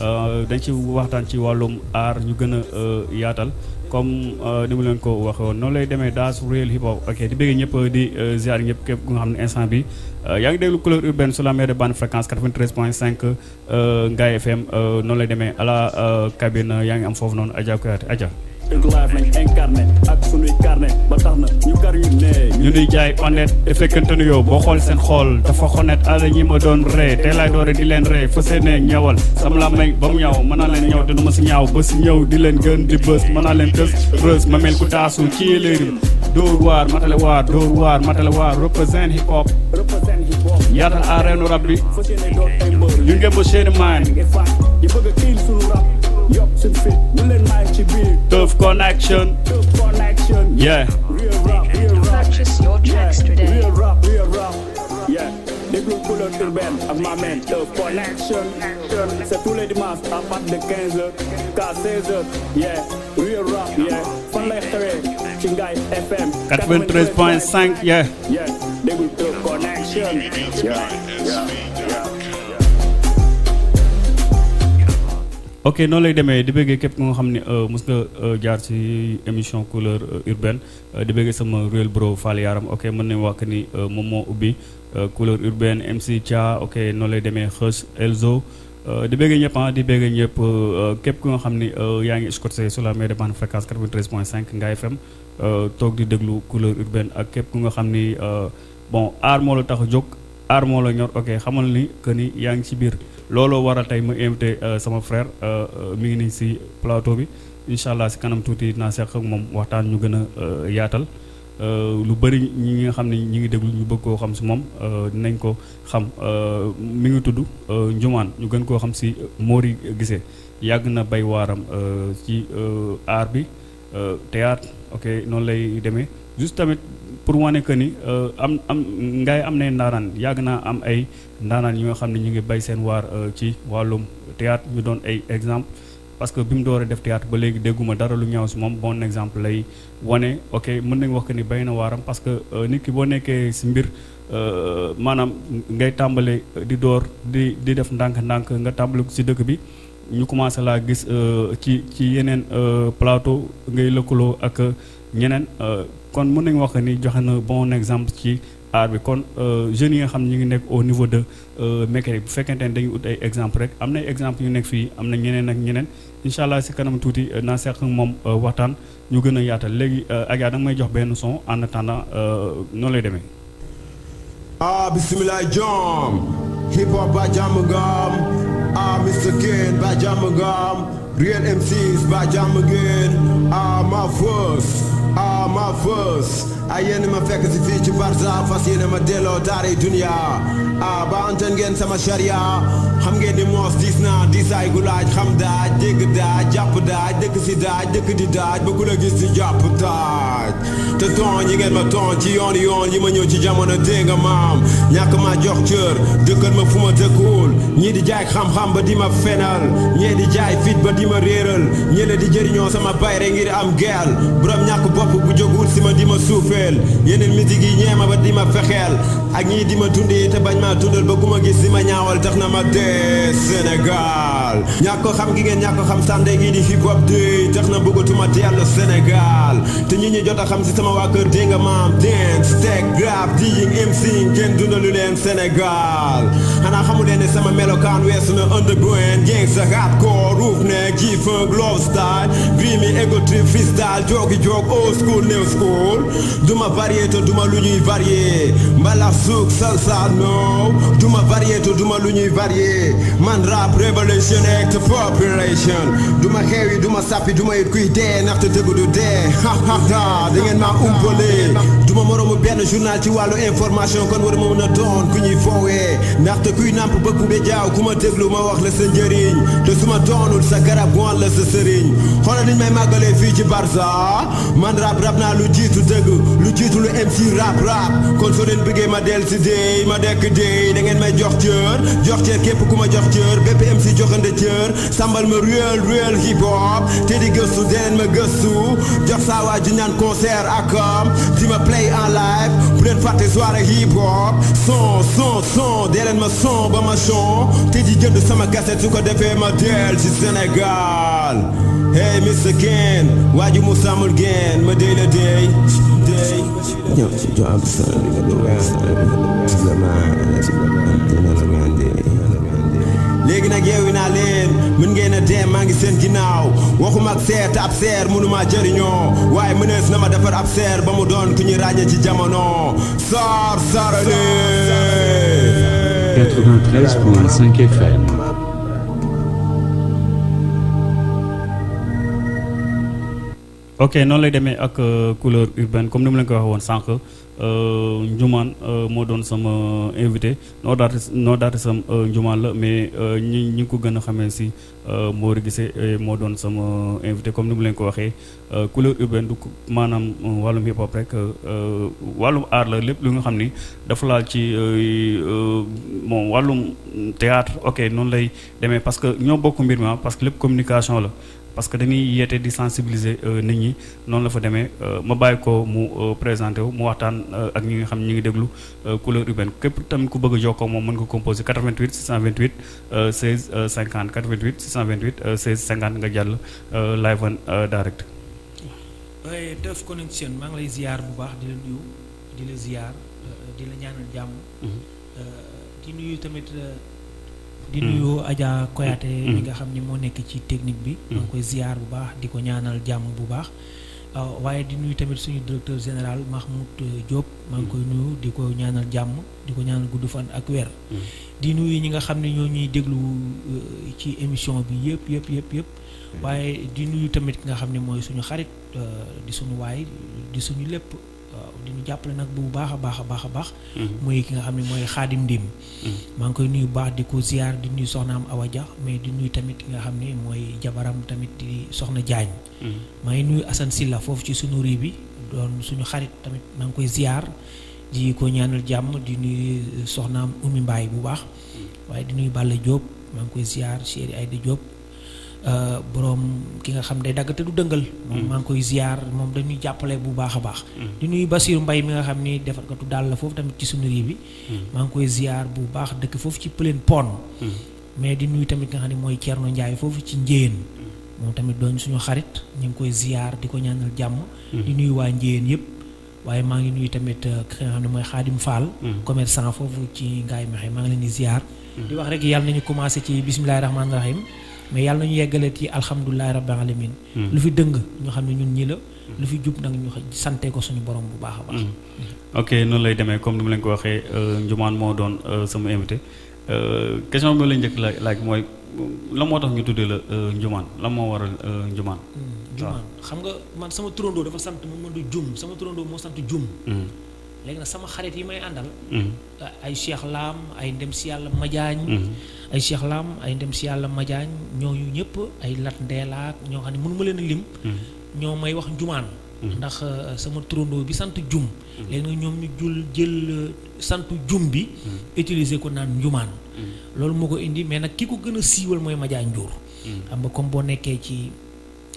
Eh, dañ ci waxtaan ci walum ar ñu gëna a eh, yaatal comme eh, ni mu leen ko waxoon no lay démé daas real hip hop ok di bëgg ñëpp di ziar ñëpp képp ku xamni instant bi yaa ngi déglu couleur urbaine sur la mer de bande fréquence 93.5 euh 5 Ngaye FM no lay démé ala la cabine yaa ngi am fofu non Adja Kouyaté Adja dëgg live nañ incarné ak sunuy carnet ba tax na ñu kar ñu nuy jaay honnête te fekkante yow boo xool seen xool dafa honnête ala ñi doon ree tey laay doore di leen ree fa seene ñëwal sama la may ba ñaw mën naa te du ma si ñaaw ba si ñëw di leen gën di bës mën naa leen tës rës ma mel ku taasu ci léeri dóor waar matale waar dóor waar matale waar represent hip hop yaatal areenu rab bi ñu ngeen seeni maan Tough connection. Tough connection. Yeah. Real rap, real rap. Purchase your tracks yeah. today. Real rap, real rap. Yeah. Des groupes pour l'autre urbaine, à ma main, Tough Connection. C'est tous les dimanches à partir de 15h, qu'à 16h. Yeah. Real rap, yeah. Fan Lecteré, Chingai FM. 93.5, yeah. Yeah. Des groupes Tough Connection. Yeah. Yeah. ok noonu lay demee di bëggee képp nga xam ne euh, mos nga euh, jaar ci émission couleur euh, urbaine di bëggee sama réel bro Fall Yaram ok mën nañu wax ni moom moo ubbi couleur urbaine MC Thia ok noonu lay demee Xës Elzo di bëggee ñëpp ah, di bëggee ñëpp képp ku nga xam ni yaa ngi scotché sur la meilleure bande fréquence 93.5 Ngaye FM toog di déglu couleur urbaine ak képp ku nga xam ni bon aar moo la tax jóg aar moo la ñor ok xamal ni que ni yaa ngi ci biir. looloo waral tey ma invité euh, sama frère euh, euh, mi ngi nii si plateau bi incha allah si kanam tuuti naa seq ak moom waxtaan ñu gën a yaatal lu bëri ñi nga xam ne ñu ngi déglu ñu bëgg koo xam si moom dinañ ko xam mi ngi tudd Ndioumane ñu gën koo xam si Mori gisee yàgg na bay waaram ci aar bi théâtre ok noonu lay demee juste tamit pour wane que ni euh, am am ngay am nay ndaanaan yàgg naa am ay ndaanaan yi nga xam ne ñu ngi bay seen waar euh, ci wàllum théâtre ñu doon ay exemple parce que bi mu dooree def théâtre ba léegi dégguma dara lu ñaaw si moom bon exemple lay wane ok mën nañ wax que ni bay na waaram parce que euh, nit ki boo nekkee si mbir maanaam ngay tàmbale di door di di def ndànk-ndànk nga tàmbale si dëkk bi ñu commencé laa gis ci ci yeneen plateau ngay lëkkaloo ak ñeneen kon mën nañu wax ni joxe na bon exemple ci aar bi kon euh, jeunes yi nga xam ne ñu ngi nekk au niveau de euh, mécanique bu fekkente ne dañuy ut ay exemple rek am na exemple yu nekk fii am na ñeneen ak ñeneen incha allah si kanam tuuti euh, na seq moom waxtaan ñu gën a yaatal léegi Adja da nga may jox benn son en attendant noonu lay demee. ah bisimilah jom hip hop ba jàmm gaam ah Mr ba jàmm gaam real MCs ba jàmm gaam ah ma voix. Amavans ay yéen ma fekk si fii ci fas yéen ma delloo daaray dunya ah ba anten ngeen sama charia xam ngeen ni moos diis naa di gu laaj xam daaj dégg daaj jàpp daaj dëkk si daaj dëkk di daaj ba ku gis di jàpp daaj te ton yi ngeen ma ton ci yoon yoon yi ma ñëw ci jamono dégg nga maam ñàkk ma jox cër ma fu ma dëkkuwul ñii di jaay xam-xam ba di ma fenal ñee di jaay fit ba di ma réeral ñële di jëriñoo sama bayre ngir am geel borom ñàkk bopp bu jógul si ma fexeel yeneen musique yi ñeema ba di ma fexeel ak ñii di ma dundee te bañ maa dundal ba ku ma gis di ma ñaawal tax na ma dee Sénégal ñàkk ko xam gi ngeen ñàkk ko xam sànde gi di hip hop dey tax na bëggatuma dellu Sénégal te ñi ñu jot a xam si sama waa kër dégg nga maam dance teg rap di ying MC kenn dundalu leen Sénégal xanaa xamu leen sama melokaan weesu na underground gang sa hardcore roof ne kii funk love style gris ego trip freestyle joogi joog old school new school duma varié te duma lu ñuy varié suuk salsano duma variété duma lu ñuy varié man rap révolution act population duma xew yi duma sàppi duma yit kuy dee ndaxte dëgg du dee ha ha ha da ngeen maa umpale benn journal ci wàllu information kon war ma mën a doon ku ñuy foowee ndaxte kuy nàmp ba kumbe jaaw ku ma déglu ma wax la sa njëriñ te su ma doonul sa garab gon la sa sëriñ xoolal niñ may màggalee fii ci Barza man rap rap naa lu jiitu dëgg lu jiitu lu MC rap rap kon soo leen bëggee ma del si déy ma dekk déy da ngeen may jox cër jox cër képp ku ma jox cër bépp MC joxande cër sambal ma real real hip hop te di gëstu deneen ma gëstu jox saa waa ji ñaan concert di ma play en live bu leen fàtte soirée hip hop son son ma son ba ma son te ji sama cassette ko defee ma del ci Sénégal hey ma dey la léegi nag yeewi naa leen mën ngeen a dee maa ngi seen ginnaaw waxuma ak seer te ab seer mënuma jëriñoo waaye mënees na ma defar ab seer ba mu doon ku ñu ràññee ci jamono Sar Sarane ok noonu lay demee ak euh, couleur urbaine comme ni mu leen ko waxee woon sànq Euh, Njumaan euh, moo doon sama invité noo daati noo daati sam euh, Njumaan la mais ñi ñi ngi ko gën a xamee si Mori Guissé moo doon sama invité comme ni mu leen ko waxee couleur urbaine du maanaam wàllum hip hop rek wàllum aar la lépp lu nga xam ni dafa laal ci moom wàllum théâtre ok noonu lay demee parce que ñoo bokk mbir mi ah, parce que lépp communication la parce que dañuy yeete di sensibiliser euh, nit ñi noonu la fa demee euh, ma bàyyi ko mu euh, présenté wu mu waxtaan ak ñu nga xam ñu ngi déglu couleur urbaine képp tamit ku bëgg a ko moom mën ko composé 88 628 16 50 88 628 16 50 nga jàll live and direct. waaye Teuf Connection maa ngi lay ziar bu baax di la nuyu di la ziar di la ñaanal jàmm. Mm-hmm. di nuyu tamit. di nuyu hmm. Adja Koyaate hmm. mi hmm. nga xam ni moo nekk ci technique bi maa ngi koy ziyaar bu baax di ko ñaanal jàmm bu baax euh, waaye di nuyu tamit suñu directeur général Mahmoud euh, Diop maa ngi koy nuyu di ko ñaanal jàmm di ko ñaanal gudd fan ak weer di nuyu ñi nga xam ne ñoo ñuy déglu euh, ci émission bi yëpp yëpp yëpp yëpp waaye di nuyu tamit ki nga xam ne mooy suñu xarit di suñu waay di suñu lépp di ñu jàppale nag bu baax a baax a baax a baax. mooy mm-hmm. ki nga xam ne mooy xaadim ndim. Mm-hmm. maa ngi koy nuyu baax di ko ziar di nuyu soxnaam Awa Dia mais di nuyu tamit ki nga xam ne mooy jabaram tamit di soxna Jaañ. Mm-hmm. maa ngi nuyu Assane Silla foofu ci sunu réew bi doon suñu xarit tamit maa ngi koy ziar di ko ñaanal jàmm di nuyu soxnaam Oumy Mbaye bu baax. waaye di nuyu Balla Diop maa ngi koy ziar Chéri Aïda Diop. Euh, boroom ki nga xam ne dagg te du dëngal. Mm. maa ngi koy ziar moom dañuy jàppale bu baax a baax. Mm. di nuyu Basiru Mbay mi nga xam ni defarkatu daal la foofu tamit ci suñu bi. Mm. maa ngi koy ziar bu baax dëkk foofu ci Plaine Pond. mais di nuy tamit nga xam ne mooy Thierno Ndiaye foofu ci Njéen. moom tamit doon suñu xarit ñu ngi koy ziar di ko ñaanal jàmm. di nuyu waa Njéen yëpp. waaye maa ngi nuyu tamit euh, ki nga xam ne mooy Xaadim Fall. commerçant foofu ci Ngaye Mexe maa ngi leen di ziar. di wax rek yàlla nañu commencé ci bisimilah rahmaani rahim mais yàlla na nañu yeggaleet yi alhamdulilahi rabbil alamin hmm. lu fi dëng ñu xam ne ñun ñi la hmm. lu fi jub nag ñu sante ko suñu borom bu baax a baax hmm. ok noonu lay demee comme ni mu leen ko waxee euh, Ndioumane moo doon euh, sama invité euh, question bi la njëkk laaj laaj mooy lan moo tax ñu tuddee la Ndioumane lan moo waral Ndioumane Ndioumane xam nga man sama turandoo dafa sant mu mën jum sama turandoo moo sant jum léegi nag sama xarit yi may àndal ay Cheikh Lam ay ndem si yàlla Madiagne ay Cheikh Lam ay ndem si yàlla Madiagne ñooñu ñëpp ay Lat Ndeela ñoo xam ne mënu ma leen a lim. Hmm. ñoo may wax njumaan. Hmm. ndax euh, sama turandoo bi sant jum. Hmm. léegi ñoom ñu jul jël euh, sant jum bi. utiliser ko naan njumaan. loolu moo ko indi mais nag ki ko gën a siiwal mooy Madiagne Ndiour. xam ba comme boo nekkee ci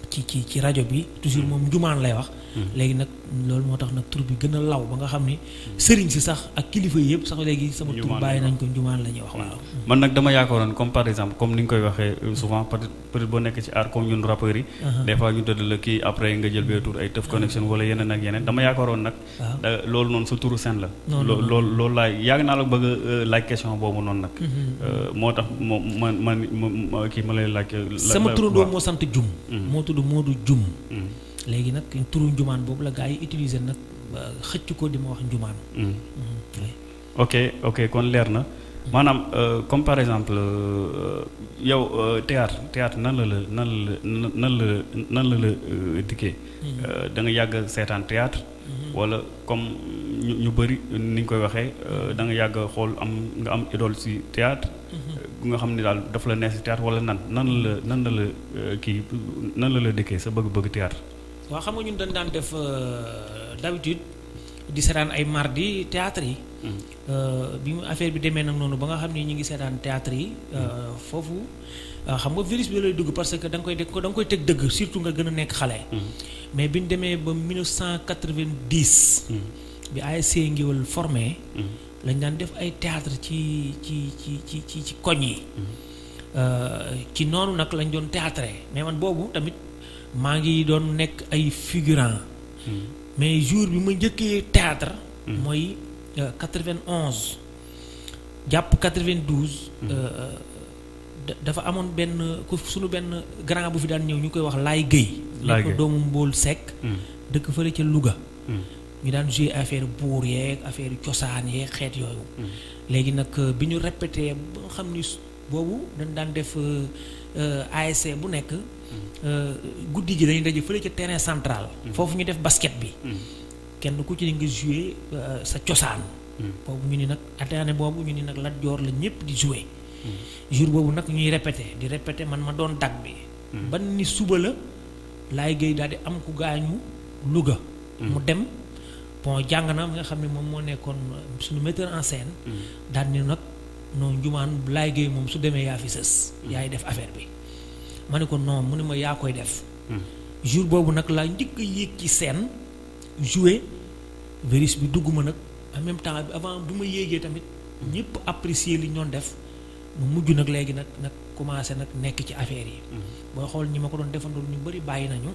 ci ci ci rajo bi. toujours moom njumaan lay wax. Mm-hmm. léegi nag loolu moo tax nag tur bi gën a law ba nga xam ni mm-hmm. sëriñ si sax ak kilifa yi yëpp sax léegi sama la ñuy wax waaw mm-hmm. man nag dama yaakaaroon comme par exemple comme euh, uh-huh. la kii uh-huh. uh-huh. euh, sa turu seen euh, moo tax moo moo sant moo tudd Jum léegi nag turu njumaan boobu la gaa yi utiliser nag xëcc ko di ma wax njumaan. Mm. Mm-hmm. ok ok kon leer na. maanaam euh, comme par exemple euh, yow euh, théâtre théâtre nan la la nan la la nan la la dikkee. Mm-hmm. nga yàgg seetaan théâtre mm-hmm. wala comme ñu ñu bëri ni ñu koy waxee danga yàgg xool am nga am idole si théâtre ku nga xam ne daal dafa la neex si théâtre wala nan nan la nan la la kii nan la la dikkee sa bëgg-bëgg théâtre wa xam nga ñun dañ daan def eh, d'habitude di seetaan ay mardi théâtre hmm. eh, yi bi mu affaire bi demee nag noonu ba nga xam ne ñu ngi seetaan théâtre yi eh, hmm. foofu xam nga virus bi lay dugg parce que da nga koy da nga koy teg dëgg surtout nga gën a nekk xale hmm. mais bi ñu demee ba 1990 bi ASC ngiwal formé lañ daan def ay théâtre ci ci ci ci ci ci koñ yi ci noonu nag lañ doon théâtre mais man boobu tamit maa ngi doon nekk ay figurant mais jour bi ma njëkkee théâtre hmm. mooy euh, quatre-vingt-onze jàpp quatre-vingt-douze hmm. euh, euh, dafa amoon benn ku suñu benn grand bu fi daan ñëw ñu koy wax Laay Guèye nekk doomu mbóol Seck hmm. dëkk fële ca Louga ñu daan joué affaire buur yeeg affaire cosaan yeeg xeet yooyu léegi nag bi ñu répété ba xam ni boobu dañ daan def euh, ASC bu nekk mm. euh, guddi gi dañuy daje fële ca terrain central mm. foofu ñu def basket bi mm. kenn ku ci ne nga joué euh, sa cosaan boobu ñu ni nag ataane boobu ñu ni nag Lat Joor la ñëpp di joué jour boobu nag ñuy répété di répété man ma doon dag bi ban ni suba la laay géey daal di am ku gaañu Louga mu dem bon jàng na mi nga xam ne moom moo nekkoon suñu metteur en scène daal ni nag non jumaan Laay Gueye moom su demee yaa fi sës. Hmm. yaay def affaire bi ma ne ko non mu ne ma yaa koy def. Hmm. jour boobu nag laa njëkk yéeg ci seen jouer virus bi dugg ma nag en même temps avant bu ma yéegee tamit. Hmm. ñëpp apprécier li ñoon def mu mujj nag léegi nag nag commencé nag nekk ci affaire yi. boo xool ñi ma ko doon defandoo ñu bëri bàyyi nañu.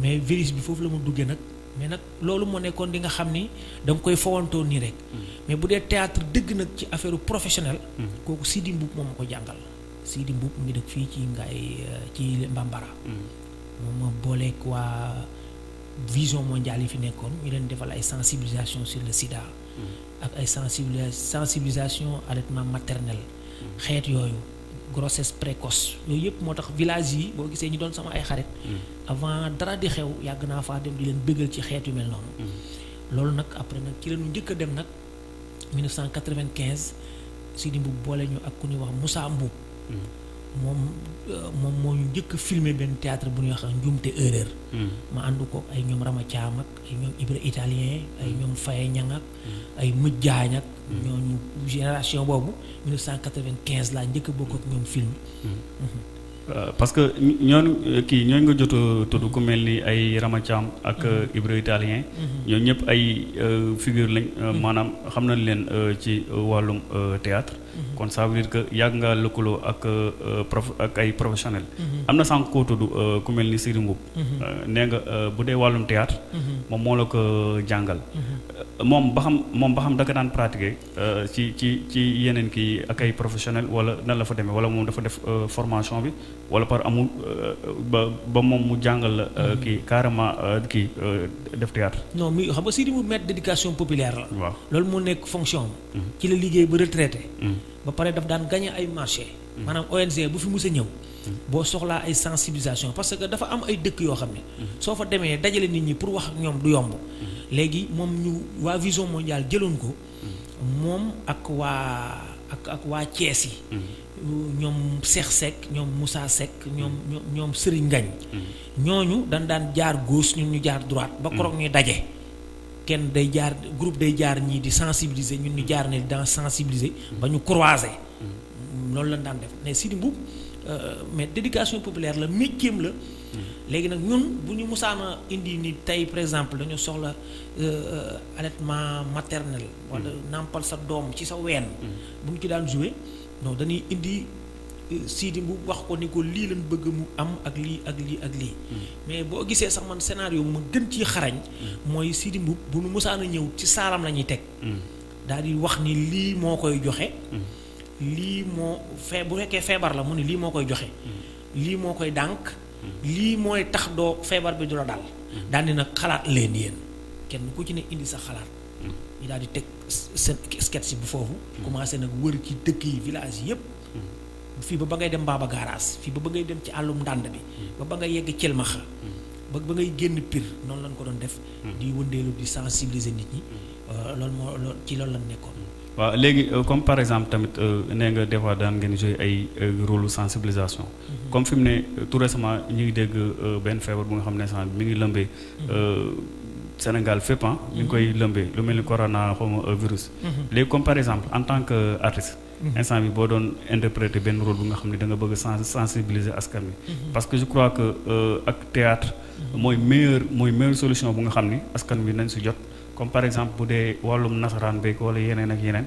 mais virus bi foofu la ma duggee nag. mais nag loolu moo nekkoon di nga xam ni da koy fowantoo nii rek. Mm-hmm. mais bu dee théâtre dëgg nag ci affaire professionnel mm-hmm. kooku Sidi Mbuub moom ma ko jàngal. Sidi Mbuub mu ngi dëkk fii ci Ngaye euh, ci Mbambara. Mm-hmm. moom ma booleeg waa vision mondiale yi fi nekkoon ñu leen defal ay sensibilisation sur le sida. ak ay sensibilisation alettement maternel. xeet yooyu. grossesse précoce yooyu yëpp moo tax village yi boo gisee ñi doon sama ay xarit. Mm-hmm. avant dara di xew yàgg naa faa dem di leen bëggal ci xeet yu mel noonu. Mm-hmm. loolu nag après nag ci la ñu njëkk a dem nag 1995 Sidi Mbuub boole ñu ak ku ñuy wax Moussa Mbuub. Mm-hmm. moom euh, moom moo njëkk a filmé benn théâtre bu ñuy wax Njuumte Erreur. ma ànd ko ay ñoom Rama Thiam ak ay ñoom Ibra Italien ay ñoom Faye Ñang ak ay Mëjjaañ ak. ñooñu génération boobu 1995 laa njëkk a bokk ak film. Euh, parce que ñooñu kii ñooñu nga jot a tudd mel ni ay Rama ak mhm. euh, Ibra Italien. Mhm. ñooñu ñëpp ay euh, figure lañ mhm. maanaam xam na leen ci wàllum théâtre kon ça veut dire que yàgg nga lëkkaloo ak euh, prof ay professionnels. Mhm. am na sànq koo tudd euh, ku mel ni Serigne Mboup. Mhm. Euh, nga bu dee wàllum théâtre mhm. moom moo la ko jàngal. moom ba xam moom ba xam da nga ci ci ci yeneen kii ak ay wala nan la fa demee wala moom dafa def formation bi wala par amul ba ba moom mu jàngal la. kii carrément kii def théâtre non mi xam nga Serigne Mboup maître d'éducation la. loolu moo nekk fonction ci la liggéey ba retraité. ba pare daf daan gagné ay marché mm. maanaam ONG bu fi mus a ñëw mm. boo soxlaa ay sensibilisation parce que dafa am ay dëkk yoo xam ne mm. soo fa demee dajale nit ñi pour wax ak ñoom du yomb léegi moom ñu waa vision mondiale jëloon ko moom ak waa ak ak waa Thiès yi ñoom Cheikh Seck ñoom musaa Seck ñoom ñoom Serigne Ngagne ñooñu dañ daan jaar gauche ñun ñu jaar droite ba koroog ñuy daje kenn day jaar groupe day jaar ñii di sensibiliser ñun ñu jaar ne dans sensibiliser ba ñu croiser loolu la daan def mais Sidi Mboup euh, mais dédication populaire la métier la léegi nag ñun bu ñu musaana indi ni tey par exemple dañu soxla euh, euh, allaitement maternel wala hmm. nampal sa doom ci sa ween hmm. bu ñu ci daan jouer non dañuy indi Sidi Mbu wax ko ni ko lii lañ bëgg mu am ak lii ak lii ak lii. mais boo gisee sax man scénario ma gën ci xarañ. mooy Sidi Mbu bu nu musaana ñëw ci saalam la ñuy teg. daal di wax ni lii moo koy joxe. lii moo fee bu fekkee feebar la mu ne lii moo koy joxe. lii moo koy dànk. lii mooy tax doo feebar bi du la dal. daal nag xalaat leen yéen kenn ku ci ne indi sa xalaat. ñu daal di teg seen sketch foofu. commencé nag wër ci dëkk yi village yépp fii ba ba ngay Pire sensibiliser comme par exemple tamit euh, nga des fois rôle sensibilisation comme tout récemment ñu dégg Sénégal fépp ah, mi ngi lu corona virus comme par exemple en tant que artiste Mm-hmm. instant bi boo doon interpréter benn rôle bu nga xam ni da bëgg a sensibiliser askan bi mm-hmm. parce que je crois que euh, ak théâtre mm-hmm. mooy meilleur mooy meilleure solution bu nga xam ni askan bi nañ si jot comme par exemple bu dee wàllum nasaraan beeg wala yeneen ak yeneen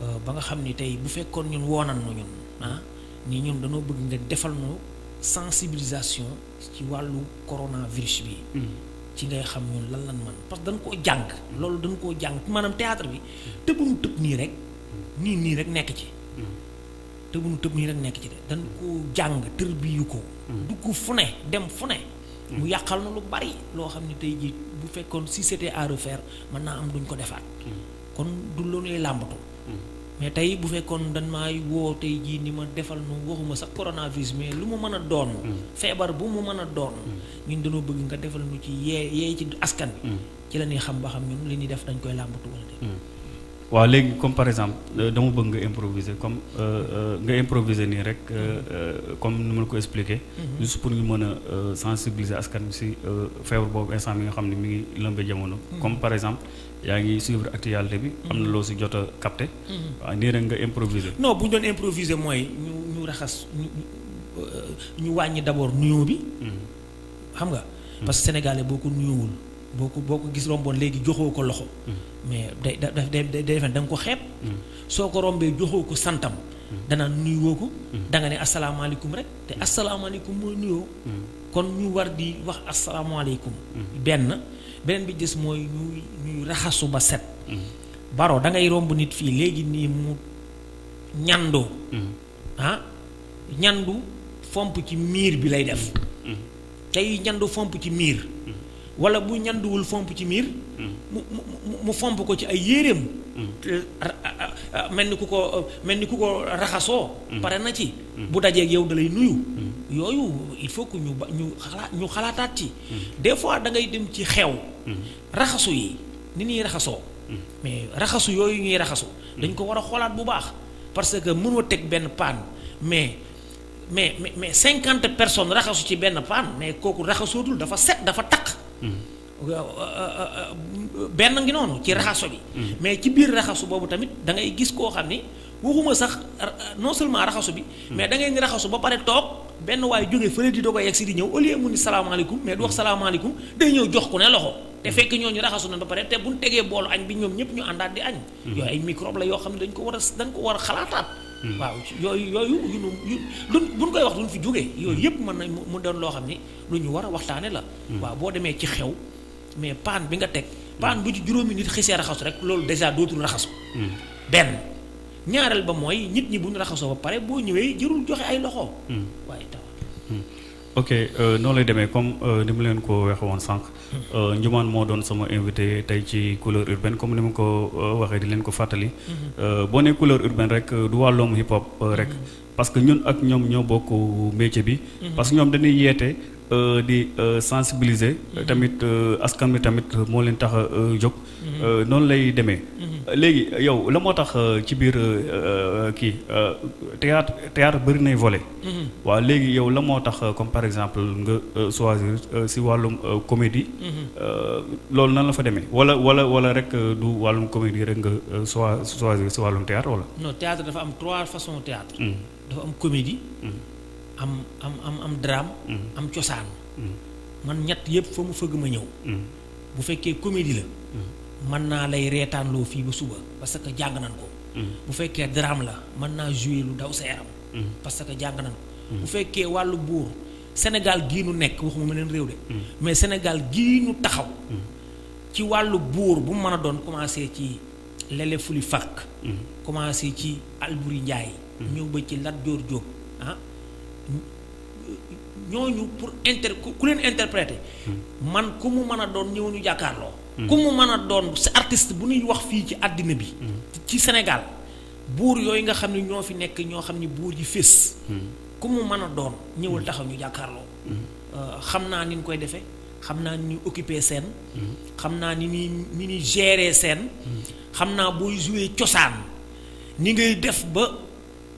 Euh, ba nga xam ni tey bu fekkoon ñun woonan nu ah ni ñun dañoo bëgg nga defal nu sensibilisation ci wàllu coronavirus bi hmm. ci ngay xam ñun lan lan man parce que dañ koo jàng loolu dañ koo jàng maanaam théâtre bi hmm. tëbuñu tëb rek hmm. nii nii rek nekk ci tëbuñu tëb nii rek nekk ci de jàng tër bi yu ko dugg fu ne dem fune ne mu yàqal na lu bari loo xam ne tey jii bu fekkoon si c'était à refaire mën naa am duñ ko defaat kon du loolu lay làmbatu mais tey bu fekkoon dañ maay woo tey jii ni ma defal nu waxuma sax coronavirus mais lu mu mën a doon. Mm. feebar bu mu mën a doon. Mm. ñun dañoo bëgg nga defal nu ci yee yee ci askan bi. Mm. ci la ñuy xam ba xam ne ñun li ñuy def dañ koy làmbatu wala de. wa légui comme par exemple euh, dama bëgg nga improviser comme euh, euh, nga improviser ni rek comme ni ma la ko expliquer mhm. juste pour ñu mën a sensibiliser askan bi si fièvre boobu instant bi nga xam ne mi ngi lëmbe jamono. Mhm. comme par exemple yaa ngi suivre actualité bi. am na mhm. loo si jot a capté. waaw nii rek nga improviser. non bu ñu doon improviser mooy ñu ñu raxas ñu ñu wàññi d' abord nuyoo bi. xam nga. parce que sénégalais boo ko nuyoowul boo ko boo ko gis romboon léegi joxoo ko loxo. mais day da day day defe da nga ko xeeb. Mm. soo ko rombee joxoo ko santam. Mm. dana nuyoo ko. Mm. da nga ne asalaamaaleykum rek te asalaamaaleykum mooy nuyoo. kon ñu war di wax asalaamaaleykum. benn beneen bi des mooy ñuy raxasu ba set. baro da ngay romb nit fii léegi nii mu ñandoo. Ah, ñandu fomp ci miir bi lay def. tey ñandu fomp ci miir. wala bu ñanduwul fomp ci mir, hmm. mu mu fomp ko ci ay yéreem hmm. melni ku ko melni ku ko raxaso hmm. paré na ci bu dajé ak yow dalay nuyu yoyu il faut que ñu ñu ñu xalaataat ci des fois da ngay dem ci xew raxasu yi ni ni raxaso mais raxasu yoyu ñuy raxasu dañ ko wara xolaat bu baax parce que mëno tek ben pan mais mais mais 50 personnes raxasu ci ben pan mais koku raxasotul dafa set dafa tak Euh, euh, euh, benn ngi noonu ci raxasu bi. Mm. Mm. mais ci biir raxasu boobu tamit dangay gis koo xam ni waxuma sax non seulement raxasu bi. Mm. mais da ngay raxasu ba pare toog benn waaye jógee fële di doog a yegg si di ñëw au lieu ni salaamaaleykum mais du wax salaamaaleykum day ñëw jox ku ne loxo. te fekk ñooñu raxasu na ba pare te bu ñu tegee boolu añ bi ñoom ñëpp ñu àndaat di añ. yooyu ay microbe la yoo xam ne dañ ko war a dañ ko war a xalaataat. Hmm. waaw yooyu yooyu yu yu duñ buñ koy wax duñ fi jógee hmm. yooyu yëpp mën nañ mu doon loo xam ni lu ñu war a waxtaane la hmm. waaw boo demee ci xew mais paan bi nga teg paan bu ci juróomi nit xisee raxasu rek loolu dèjà dootul raxasu benn ñaareel ba mooy nit ñi bu raxasoo ba pare boo ñëwee jërul joxe ay loxo waaye taw ok euh, noonu lay demee comme euh, ni mu leen ko waxee woon sànq euh, moo doon sama invité tey ci couleur urbaine comme ni ma ko waxee di leen ko fàttali. Mm-hmm. boo nee couleur urbaine rek du wàllum hip hop rek. Mm-hmm. parce que ñun ak ñoom ñoo bokk métier bi. Mm-hmm. parce ñoom dañuy yeete. Euh, di euh, sensibiliser. Mm-hmm. tamit euh, askan wi tamit moo leen tax a jóg. Mm-hmm. noonu lay demee. Mm-hmm. léegi yow la moo tax ci biir kii théâtre théâtre bëri nay volet. waaw léegi yow la moo tax comme par exemple nga choisir si wàllum comédie. loolu nan la fa demee wala wala wala rek du wàllum comédie rek nga choisir si wàllum théâtre wala. non théâtre dafa am trois façons théâtre. Mm. dafa am comédie. Mm. am am am am drame. Mm-hmm. cosaan. Mm-hmm. man ñett yëpp fa mu fëgg ma ñëw. Mm-hmm. bu fekkee comédie la. mën naa lay reetaanloo fii ba suba parce que jàng nan ko. bu fekkee draam la man naa jouer lu daw sa yaram. parce que jàng nan ko. bu fekkee wàllu buur Sénégal gii nu nekk waxuma ma leen réew de. mais Sénégal gii nu taxaw. ci wàllu buur bu mu mën a doon commencé ci Lele Fuli Fakk. commencé ci Alburi Njaay ñëw ba ci Lat Joor Jóob ah. ñooñu pour inter ku leen interpréter. Hmm. man ku mu mën a doon ñëw ñu jàkkaarloo. Hmm. ku mu mën a doon si artiste bu ñuy wax fii ci àddina bi. Hmm. ci Sénégal buur yooyu nga xam ne ñoo fi nekk ñoo xam ne buur yi fés. ku mu mën a doon ñëwal taxaw ñu jàkkaarloo. Euh, xam naa ni ñu koy defee xam naa ni ñuy occuper seen. xam naa ni ñuy ni ñuy gérer seen. xam naa booy jouer cosaan ni ngay def ba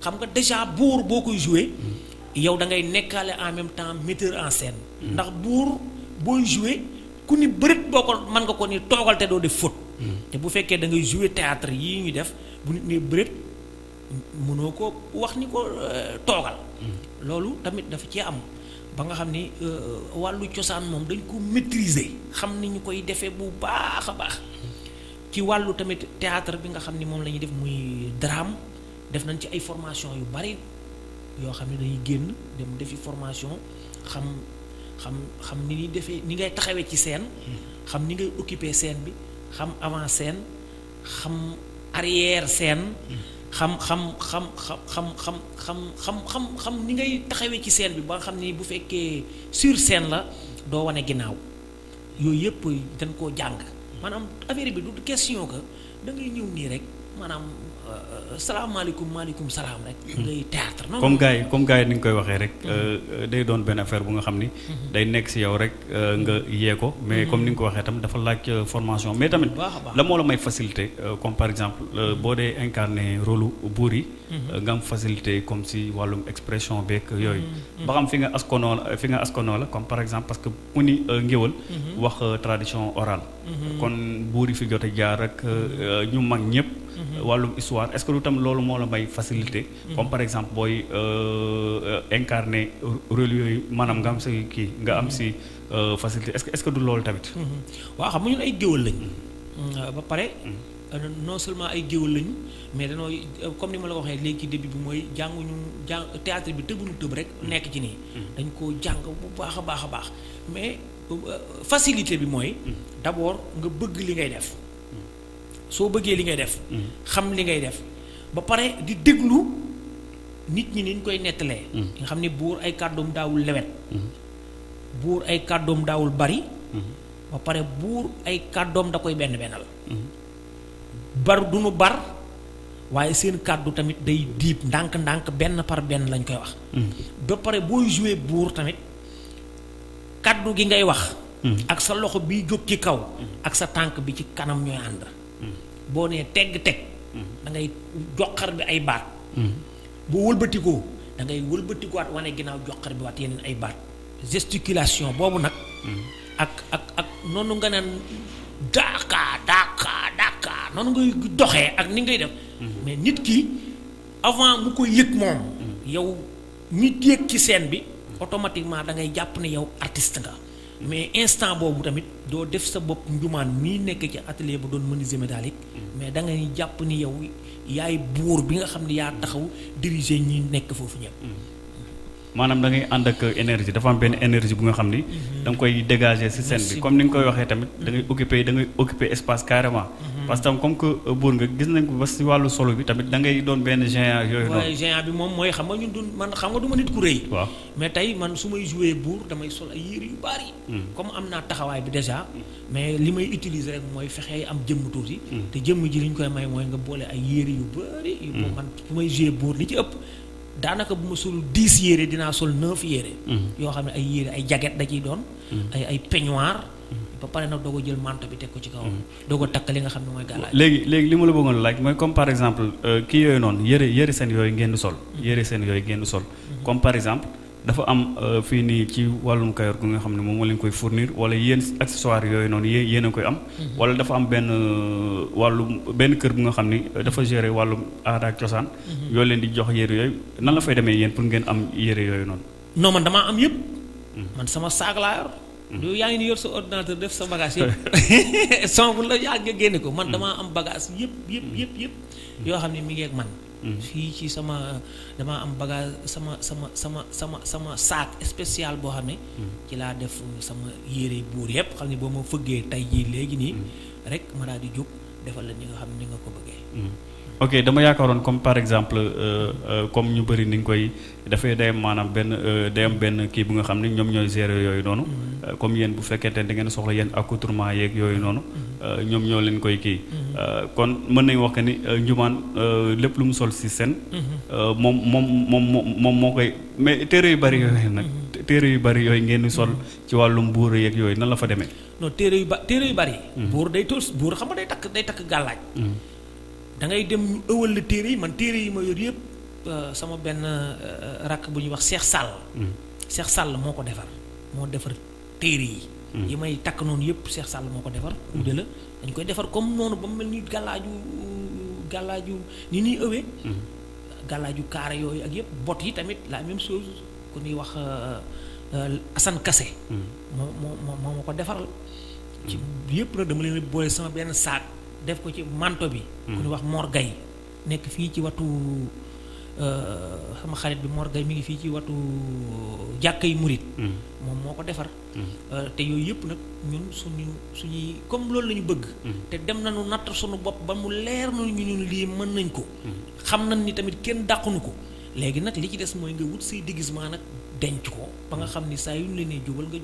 xam nga déjà buur boo koy jouer. yow da ngay nekkaale en même temps metteur en scène. ndax buur booy joué ku ni bërit boo ko mën nga ko ni toogal te doo def faute. te bu fekkee da ngay joué théâtre yii ñu def bu nit ni bërit mënoo ko wax ni ko euh, toogal. loolu tamit dafa cee am ba nga xam ni euh, wàllu cosaan moom dañ ko maîtriser xam ni ñu koy defee bu baax a baax. ci wàllu tamit théâtre bi nga xam ni moom lañuy ñuy def muy drame def nañ ci ay formation yu bari. yoo xam ne dañuy génn dem defi formation xam xam xam ni ñuy defee ni ngay taxawee ci seen mm-hmm. xam ni ngay occuper scène bi xam avant seen xam arrière seen mm-hmm. xam xam xam xam xam xam xam xam xam xam ni ngay taxawee ci seen bi ba xam ni bu fekkee sur seen la doo wane ginnaaw yooyu yëpp dañ koo jàng mm-hmm. maanaam affaire bi du question ko dangay ñëw nii rek maanaam euh, euh, salaamaaleykum maaleykum salaam rek. Hmm. ngay théâtre comme gars ni nga koy waxee rek. Hmm. Euh, day doon benn affaire bu nga xam ni. Hmm. day nekk si yow rek nga yee ko. mais comme ni nga ko waxee tam dafa laaj formation mais tamit. la moo la may facilité comme par dee incarné rôle lu buur yi. nga si wàllum expression beeg yooyu. ba xam fi nga askanoo la fi nga askanoo la comme par exemple parce que mu ni ngéwal wax tradition orale. kon buur fi jot a jaar ak ñu mag ñëpp. Mm-hmm. wàllum histoire est-ce que lu tam loolu moo la may facilité. Mm-hmm. comme par exemple booy euh, euh, incarné rôle yooyu maanaam nga am si kii nga am si mm-hmm. euh, facilité est-ce que est-ce que du loolu tamit. waaw xam nga ñun ay géwël lañ. Mm, ba pare. non seulement ay géwël lañu mais danooy comme ni ma la ko waxee léegi début bi mooy jànguñu jàng théâtre bi tëbuñu tëb rek nekk ci nii. dañ ko jàng bu baax a baax a baax mais facilité bi mooy. d'abord nga bëgg li ngay def. soo bëggee li ngay def. Mm-hmm. xam li ngay def ba pare di déglu nit ñi ni ñu koy nettalee. Mm-hmm. nga xam ne buur ay kàddoom daawul lewet. Mm-hmm. buur ay kàddoom daawul bari. ba buur ay kàddoom da koy benn bennal. bar du nu bar waaye seen kàddu tamit day diib ndànk-ndànk benn par benn lañ koy wax. ba pare booy joué buur tamit kàddu gi ngay wax. ak sa loxo biy jóg ci kaw. ak sa tànk bi ci kanam ñooy ànd. boo nee tegg teg mm-hmm. da joxar bi ay baat mm-hmm. boo wëlbatikoo dangay ngay wëlbatikuwaat wane ginnaaw joxar bi waat yeneen ay baat gesticulation boobu nag mm-hmm. ak ak ak noonu nga naan daaka daaka daaka noonu ngay doxee ak ni ngay def mais nit ki avant mu ko yëg moom yow nit yëg ci seen bi automatiquement da ngay jàpp ne yow artiste nga mais instant boobu tamit doo def sa bopp njumaan mii nekk ci atelier bu doon menuisier métallique mais da ngay jàpp ni yow yaay buur bi nga xam ne yaa taxaw diriger ñi nekk foofu ñëpp. Mm-hmm. maanaam da ngay ànd ak énergie dafa am benn énergie bu nga xam ni. Mm-hmm. da nga koy dégager ci scène bi comme ni nga koy waxee tamit da ngay occuper da ngay occuper espace carrément. Mm-hmm. Mm-hmm. parce que tam comme que euh, buur nga gis nañ ko ba si wàllu solo bi tamit da doon benn géant yooyu noonu. mooy géant bi moom mooy xam nga ñun du man xam nga du ma nit ku rëy. mais tey man su may joué buur damay sol ay yére yu bari. Mm. comme am naa taxawaay bi déjà. mais li may utiliser rek mooy fexe am jëmm tuuti. Mm. te jëmm ji li koy may mooy nga boole ay yére yu bari. yu mm. man su may joué buur li ci ëpp. daanaka bu ma sol dix yére dinaa sol neuf yére. yoo xam ne ay yére ay jaget da ciy doon. ay ay ba pare nag doog a jël manto bi teg ko ci kawam. Mm-hmm. doog a takk nga xam ne mooy gàllaaj. léegi li ma la bëggoon laaj mooy comme par exemple euh, kii yooyu noonu yëre yëre seen yooyu ngeen di sol. Mm-hmm. yëre seen yooyu mm-hmm. par exemple dafa am euh, fii nii ci wàllum kayoor gu nga xam ne moom moo leen koy fournir wala yéen accessoire yooyu noonu yéen yéen a wala dafa am benn euh, wàllum benn kër bu nga xam ni dafa gérer wàllum aada cosaan. yoo leen di jox yére yooyu nan la fay demee yéen pour ngeen am yére yooyu noonu. man damaa am yëpp. man sama saag yow yaa ngi ni yor sa ordinateur def sa bagage yëpp sonk la yaa nga génne ko man mm. damaa am bagage yëpp yëpp yëpp yëpp mm. yoo xam ne mi ngi ak man mm. fii ci sama damaa am bagage sama sama sama sama sama saak spécial boo xam ne ci laa def sama yére buur yëpp xam ne boo ma fëggee tey jii léegi nii rek ma daal di jóg defal la ni nga xam ne ni nga ko bëggee ok dama yaakaaroon comme par exemple euh, euh, comme ñu bari ni nga koy dafay day maanaam benn euh, day am benn kii bu nga xam ne ñoom ñoo gérer yooyu noonu. Mm-hmm. comme yéen bu fekkente ne da ngeen soxla yéen accoutrement yeeg yooyu noonu. Mm-hmm. ñoom ñoo leen koy kii. Mm-hmm. kon mën nañu wax que ni njumaan lépp lu mu sol si seen. moom moom moom moom moo koy mais téere yu bari yooyu nag. téere yu bari yooyu ngeen di sol ci wàllum buur yeeg yooyu nan la fa demee. non téere yu ba téere yu bari. buur day tos buur xam day takk day takk gàllaaj. da ngay dem ëwal le téré man téré yi ma yor yëpp eh, sama benn eh, rak bu ñuy wax Cheikh Sall. Mm. Cheikh Sall moo ko defar moo defar téere yi. Mm. yi may takk noonu yëpp Cheikh Sall moo ko defar. ude la dañ koy defar comme noonu ba mu mel ni gàllaaju gàllaaju ni ñuy ëwee. Mm. gàllaaju kaare yooyu ak yëpp bot yi tamit la même chose ku ñuy wax eh, asan Kassé. moo moo moo ma ko defaral. ci yëpp nag dama leen boole sama benn saak def ko ci manto bi hmm. ku wax Mor Gay ci watu euh, sama xarit bi Mor Gay mi ngi fi ci watu euh, jakkay murid, hmm. mom moko ko defar hmm. euh, te yoy yip nak ñun suñu suñu comme loolu lañu bëgg te dem nañu nat suñu bop ba mu leer na ñu li mën nañ ko xam nañ ni tamit kenn daqunu ko léegi nak li ci dess moy nga wut sey déguisement nak denc ko ba nga xam ni sa yu leene jubal nga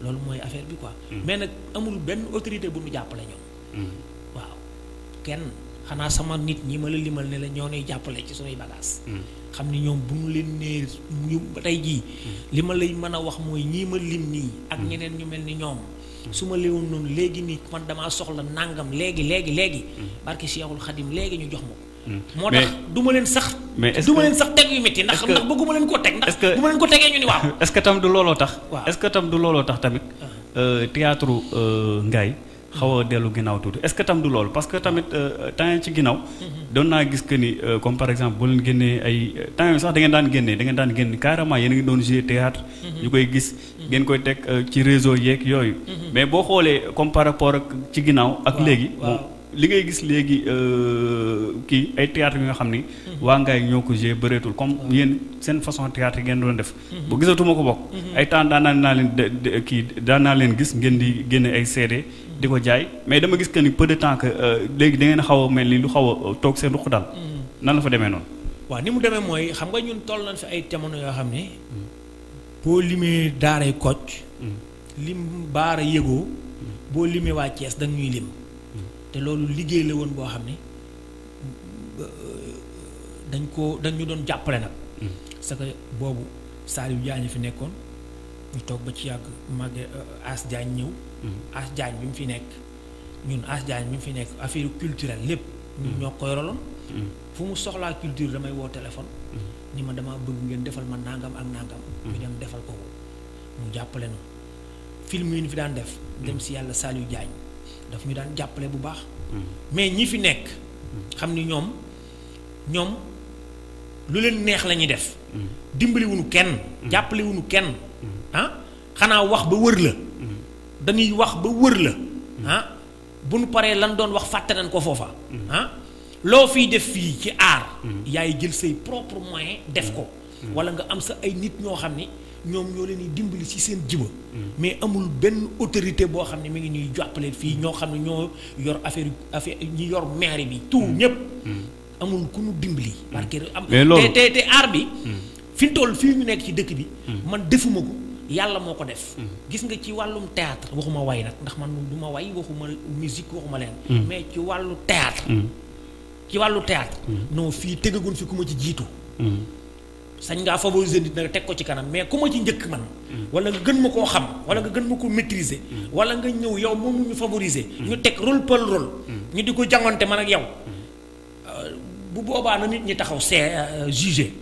loolu moy affaire bi quoi mais nak amul ben autorité bu ñu jàppale ñoom kenn xanaa sama nit ñi ma la limal ne la ñoo nuy jàppale ci sunuy bagaas hmm. xam ni ñoom bu mu leen nee ñu tey jii hmm. li ma lay mën a wax mooy ñii ma lim nii ak hmm. ñeneen ñu mel ni ñoom su ma leewoon noonu léegi nii man damaa soxla nangam léegi léegi léegi barki Cheikhul Khadim léegi ñu jox ma moo tax du ma leen sax du ma leen sax teg yu métti ndax ndax bëgguma leen koo teg ndax bu ma leen ko tegee ñu ni waaw est que tam du looloo tax waaw est que tam du looloo tax tamit ah. euh, théâtre euh, Ngaye xaw a dellu ginnaaw tuuti est-ce que tam du loolu parce que tamit euh, euh, temps ci ginnaaw. Mhm. doon naa gis que ni euh, comme par exemple boo leen génnee ay temps yi sax da daan génnee da ngeen daan génn carrément yéen a ngi doon jouer théâtre mhm. ñu koy gis mhm. ngeen koy teg ci réseau yeeg yooyu. mais boo xoolee comme par rapport ak ci ginnaaw. ak léegi bon li ngay gis léegi kii ay théâtre yi nga xam ni. waa ngaay ñoo ko jouer bëreetul comme yéen seen façon théâtre yi ngeen doon def. gisatuma ko bokk. ay temps naa leen kii daan naa leen gis ngeen di génne ay CD. di ko jaay mais dama gis que ni peu de temps euh, léegi da ngeen xaw a mel ni lu xaw a euh, toog seen ruq daal. Mm-hmm. nan la fa demee noonu. waaw ni mu demee mooy xam nga ñun toll nañ fi ay jamono yoo xam ne. boo limee daaray Kocc. Mm-hmm. lim baara yëgoo. Mm-hmm. boo limee waa Thiès da ñuy lim. te loolu liggéey woon boo xam ne euh, dañ ko dañ ñu doon jàppale nag. parce que boobu Saliou Diagne fi nekkoon ñu toog ba ci yàgg Maguette As Diagne ñëw. Mm-hmm. As Diagne bi mu fi nekk ñun As Diagne bi mu fi nekk affaire culturelle lépp. Mm-hmm. ñoo ko yoraloon. Mm-hmm. fu mu soxlaa culture damay woo téléphone. ni ma dama bëgg ngeen defal ma nangam ak nangam. ñu dem defal ko mu jàppale nu film yu ñu fi daan def. dem si yàlla Saliou Diagne daf ñu daan jàppale bu baax. mais ñi fi nekk. xam ni ñoom ñoom lu leen neex la def. dimbaliwuñu kenn. jàppalewuñu kenn. ah xanaa wax ba wër la. dañuy wax ba wër la ah bu nu paree lan doon wax fàtte ko foofa ah, loo fiy def fii ci aar yaay jël say propre def ko wala nga am sa ay nit ñoo xam ne ñoom ñoo leen di dimbali ci seen jiba mais amul benn autorité boo xam ne mi ngi ñuy jàppale fii ñoo xam ne ñoo yor affaire affaire ñi yor maire bi tout ñëpp amul ku ñu dimb parce que am te te te aar bi mm. fi ñu toll fii ñu nekk ci dëkk bi mm. man defuma ko yàlla moo ko def. gis nga ci wàllum théâtre waxuma way nag ndax man du ma way waxuma musique waxuma leen. Mm. mais ci wàllu théâtre mm. ci wàllu théâtre mm. non fii tëggagun fi ku ma ci jiito sañ ngaa favoriser nit nag teg ko ci kanam mais ku ma ci njëkk man. wala nga gën ma koo xam wala nga gën ma ko maîtriser. wala nga ñëw yow moom ñu favoriser. ñu teg rôle par rôle. ñu di ko jamante man ak yow. Euh, bu boobaa na nit ñi taxaw see euh, jugé.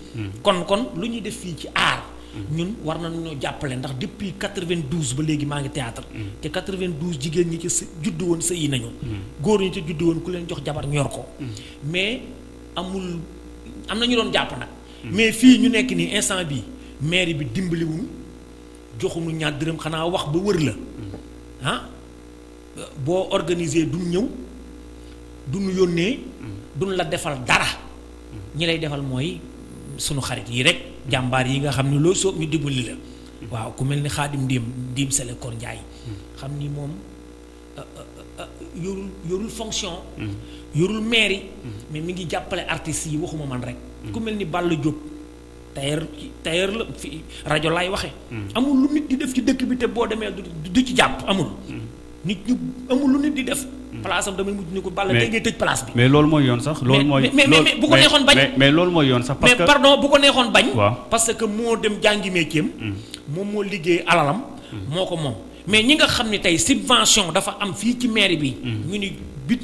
kon kon lu ñuy def fii ci aar. ñun war na nañoo jàppale ndax depuis 92 ba léegi maa ngi théâtre mm. te 92 jigéen ñi ci sa juddu woon sëyi nañu. Mm. góor ñi ci juddu woon ku leen jox jabar ñor ko. Mm. mais amul am na ñu doon jàpp nag. mais fii ñu nekk nii instant bi mairie bi dimbaliwuñu joxuñu ñaar dërëm xanaa wax ba wër la ah boo organisé du ñëw du duñu yónnee. duñ la defal dara. ñi lay defal mooy sunu xarit yi rek. jàmbaar yi nga xam ni loo soob ñu dimbali la waaw ku mel ni xaadim ndiim ndiim sele kor njaay xam ni moom euh, euh, euh, yorul yorul fonction yorul mairie mais mi ngi jàppale artistes yi waxuma man rek ku mel ni Balla Diop tailleur tailleur la fi rajo lay waxe amul lu nit di def ci dëkk bi te boo demee du ci jàpp amul nit amul lu nit di def place am damay mujj ni ko Balla tey ngay tëj place bi. mais loolu mooy yoon sax. loolu mooy mais mais bu ko neexoon bañ. mais loolu mooy yoon sax. parce que pardon bu ko neexoon bañ. parce que moo dem jàngi métier mm. moom moo liggéey alalam. Mm. moo ko moom mais ñi nga xam ne tey subvention dafa am fii ci mairie bi. Mm. ñu ni bit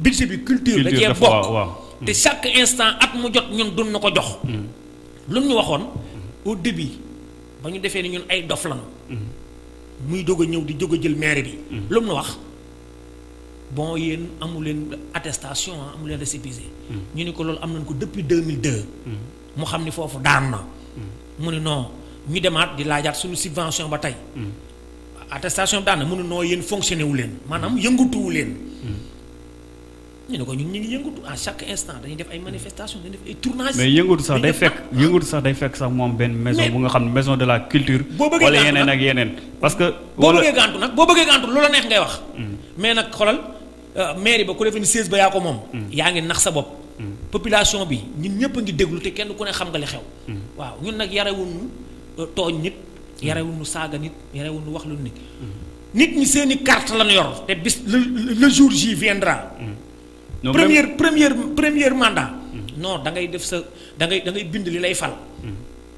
bi culture. da cee bokk te chaque instant at mu jot ñun dun na ko jox. lu ñu waxoon au début ba ñu defee ni ñun ay dof lañu muy dog a ñëw di jóg a jël mairie bi. lu nu wax. bon yéen amulen attestation ah, amulen leen hmm. ñu ni ko lol am ko depuis 2002. Hmm. mu xamni fofu daana daan na hmm. mu ni non ñu demaat di laajaat suñu subvention ba tay attestation daana daan na mu ni non yéen fonctionné wu len manam maanaam wu len ñu ni ko ñu ñi yëngatu à chaque instant dañuy def ay manifestations dañuy def ay tournage mais yëngatu sax day fekk yëngatu sax day fekk sax moom ben maison bu nga xamni maison de la culture. wala yeneen ak yenen parce que bo boo bëggee gàntu nag boo bëggee gàntu loola neex ngay wax. mais nak xolal Euh, mairie ba ku defe ni siège ba yaa ko moom. Mm. yaa ngi nax sa bopp. Mm. population bi ñun ñëpp a ngi déglu te kenn ku ne xam nga li xew. Mm. waaw ñun nag yarewuñu euh, tooñ nit. yarewuñu saaga nit yarewuñu wax lu nit. nit ñi seen i carte la ñu yor te bis le le jour J viendra. première première première mandat. non da ngay def sa da ngay da bind li lay fal.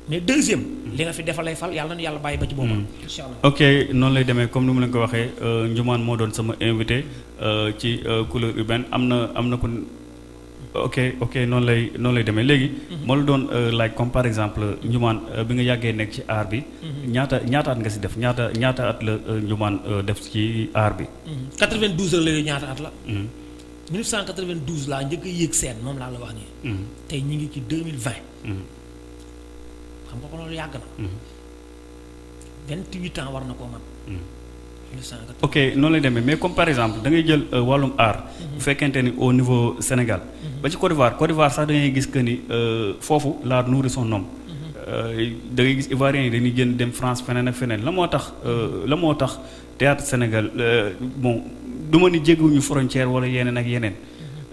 mais deuxième. li nga fi defalee lay fal yàlla na yàlla bàyyi ba ci boppam. Mm. incha ok noonu lay demee comme ni mu leen ko waxee euh, njumaan moo doon sama invité euh, ci euh, couleur urbaine am na am na ko. ok ok noonu lay noonu lay demee léegi. Mm-hmm. moo la doon laaj comme par exemple Ndioumane bi nga yàggee nekk ci aar bi. Mm-hmm. ñaata ñaata at nga si def ñaata ñaata at la Ndioumane def ci aar bi. 92 mm-hmm. la yooyu ñaata at la. 1992 laa njëkk a yéeg seen moom laa la wax nii. tey ñi ngi ci 2020. xam nga loolu yàgg na. 28 mhm. ans war na koo mat. Mhm. ok noonu lay demee mais comme par exemple da ngay jël euh, wàllum art. Mhm. bu fekkente ni au niveau Sénégal. ba ci Côte d'Ivoire Côte d'Ivoire sax da ngay gis que ni euh, foofu l'art nourrit son homme. Euh, da ngay gis Ivoiriens yi dañuy gën dem France feneen ak feneen la moo tax la moo tax théâtre Sénégal bon du ma ni jéggiwuñu frontière wala yeneen ak yeneen.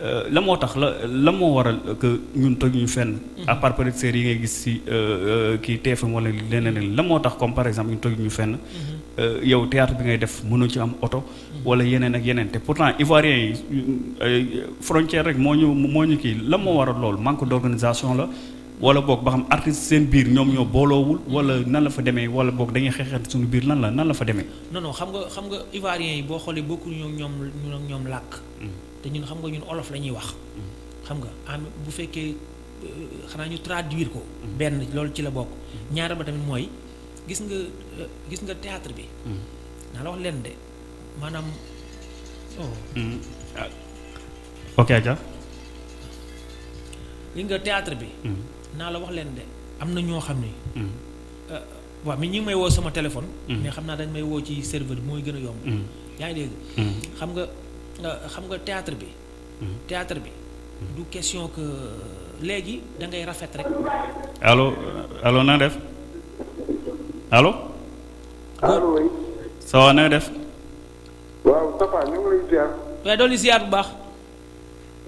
Euh, la moo tax la la moo waral que ñun tojuñu fenn. Mm-hmm. à part peut être yi ngay gis si euh, euh, kii TFM wala leneen la moo tax comme par exemple ñun tojuñu fenn. Mm-hmm. yow théâtre bi ngay def mënoo ci am oto. Mm-hmm. wala yeneen ak yeneen te pourtant ivoiriens yi frontière rek moo ñu moo ñu kii la moo waral loolu manque d' organisation la. wala book ba xam artiste seen biir ñoom ñoo booloowul wala nan la fa demee wala book dañuy xeexante suñu biir nan la nan la fa demee. non non xam te ñun xam nga ñun olof la ñuy wax xam nga am bu fekkee euh, xanaa ñu traduire ko mm-hmm. benn lool ci la bokk mm-hmm. ñaara ba tamit mooy gis nga euh, gis nga théâtre bi mm-hmm. naa la wax leen de maanaam oh. ok Adja gis nga théâtre bi naa la wax leen de am na ñoo xam ne euh, waaw mi ñi ngi may woo sama téléphone mais xam naa dañ may woo ci serveur bi mooy gën a yomb yaa ngi xam nga xam nga théâtre bi. Hmm. théâtre bi hmm. du question que léegi da ngay rafet rek. allo allo na def allo. allo. ça va na def. waaw Tafa ñu ngi waaye doon li bu baax.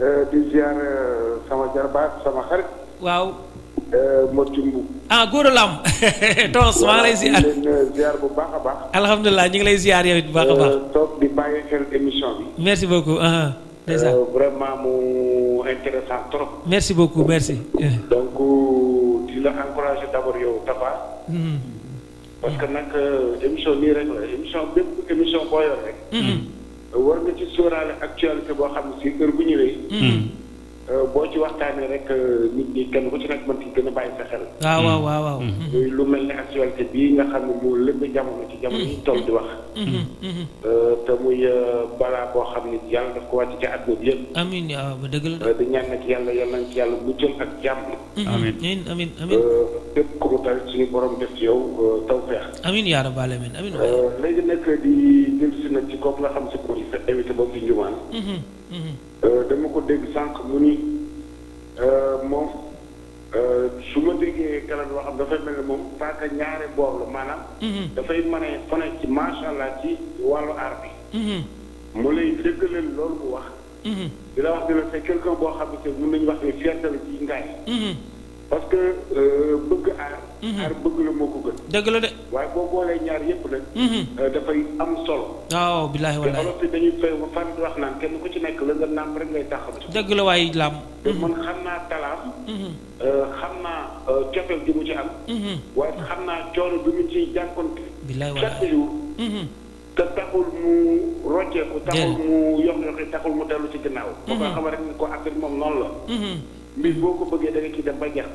Euh, di ziar euh, sama jarbaat sama xarit. waaw. Euh, Modou Mbu. ah góor a la am Tos maa lay euh, ziar bu baax a baax. alhamdulilah ñu ngi lay ziar yow it bu baax a baax. Euh, toog di bàyyi xel émission bi. merci beaucoup. Uh-huh. dèjà vraiment mu intéressant trop. merci beaucoup merci. donc di la encourager d'abord yow Tafa. Mm-hmm. parce que nag émission nii rek émission bépp émission boo yor rek. Mm-hmm. war nga ci sóoraale actualité boo xam ne si heure bu ñëwee. Mm-hmm. Euh, boo ci waxtaanee rek euh, nit ñi kenn ku ci nekk mën ci gën a bàyyi sa xel. waaw waaw waaw waaw. Mm-hmm. Mm-hmm. lu mel ne actualité bii nga xam ne moo lépp jamono ci jamono yi mm-hmm. toll di wax. Euh, te muy balaa boo xam ne yàlla daf ko wàcc ci àdduna bi yëpp. amiin dëgg la. di ñaan nag yàlla yal nañ ci yàlla bu jël ak jàmm. amiin amiin amiin. bépp ku mu dal suñu borom def ci yow tawfeex. amiin yaa rabbal aalamiin amiin. léegi nag di dellusi nag ci kook nga xam si ko invité boobu di njumaan. Euh, dama ko dégg sànq mu ni euh, moom euh, su ma déggee kalan wax am dafay mel ne moom paaka ñaare boob la maanaam mhm. dafay mën a ci macha allah ci wàllu aar bi mhm. mu lay dëggaleel loolu mu wax mhm. di la wax dina c'est quelqu'un boo xam ne mën wax ne fierté la ci ngaay parce que bëgg aar xar bëgg la moo gën dëgg la de waaye boo ñaar yépp am solo waaw billahi wallahi olof dañuy fay fan wax naan kenn ku ci nekk la nga nàmp rek ngay taxaw dëgg la waaye laam man xam naa talaam xam naa gi mu ci am waaye xam naa bi mu ciy jànkonte billahi wallahi te taxul mu rocceeku taxul mu yox yoxi taxul mu ci xam rek ko affaire la mbir da nga ci dem ba jeex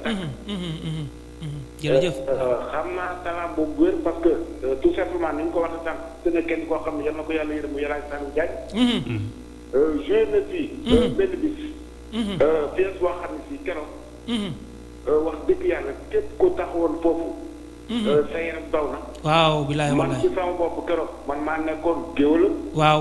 jërëjëf euh, euh, xam naa salaam boobu wér parce que euh, tout simplement ni ñu ko wax a sànq te na kenn koo xam ne yal na ko yàlla yërëm mu yàllaay Saliou Diagne. joué na fii. benn bis. Mm-hmm. pièce boo xam ne fii keroog. Mm-hmm. wax dëgg yàlla képp ko taxawoon foofu. Mm-hmm. sa yaram daw na. waaw bilaay wallaay man ci sama bopp keroog man maa nekkoon géwël. waaw.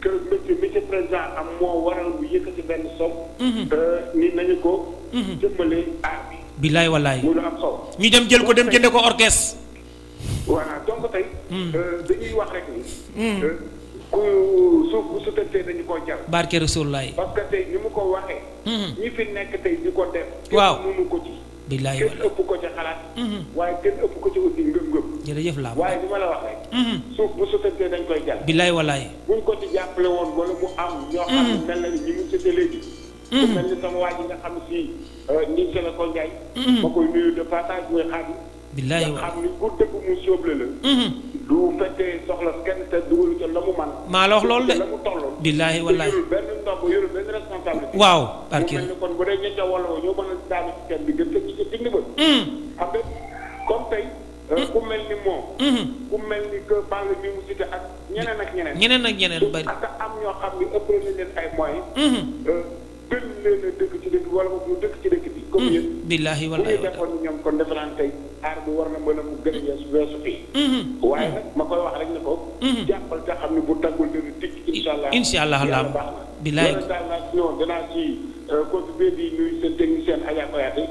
keroog métier métier président am moo waral mu yëkkati benn sob mhm. euh, ni nañu ko. Mhm. jëmmale aar bi. bilaay walaay mu ñu dem jël ko dem jënde ko orchestre. voilà donc tey. Mhm. Euh, dañuy wax rek ni. Euh, ku suuf bu sutantee dañu koo jar. barke Rasulullaay. parce que tey ni mu ko waxee. ñi fi nekk tey di ko def. waaw ko ci. billaay mhm. kenn ëpp ko ci xalaat. waaye ko ci jërëjëf laa waaye li ma la wax rek. Mhm. bu sotantee dañ koy jàll. billaay walaay. buñ ko ci jàppale woon wala mu am. ñoo xam mhm. ne mel na ni ñu ngi léegi. ku mel ni sama waa nga xam si nii ca la ko Ndiaye. ma koy billaay walaay nga xam ni dëkk mu sóoble la. du fekkee soxla kenn te dugalu ca la mu man maa la loolu de la mu toll. billaahi wallaahi yorul benn ndomb yorul benn responsabilité. waaw barke mu ni kon bu dee ñette wala ñoo mën a daanu ci kenn bi gën ci ci digg ba. xam mm. nga comme tey. Euh, mm. ku mel ni moom. Mm-hmm. ku mel ni que Balla mi mu cité ak ñeneen ak ñeneen. bari ak am ñoo xam ni ëpp nañ leen ay moyens. Mm-hmm. Euh, gën leen a dëkk ci dëkk bi wala boog ñu dëkk ci dëkk bi. comme hmm, yéen billaahi wallaahi bu ñu defoon ñoom kon defe naa tey aar bi war a mu gën a yees weesu fii. Hmm, hmm. waaye nag ma koy wax rek ne ko. jàppal te xam ne bu tàggul dëgg tikk incha allah incha allah yàlla baax na. billaahi daal naa si ñëwoon danaa ci contribué euh, di nuyu seen technicien Adja Koyaate.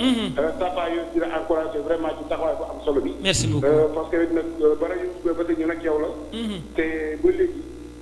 Sapa yooyu dina encouragé vraiment ci taxawaay bu am solo bi. merci beaucoup euh,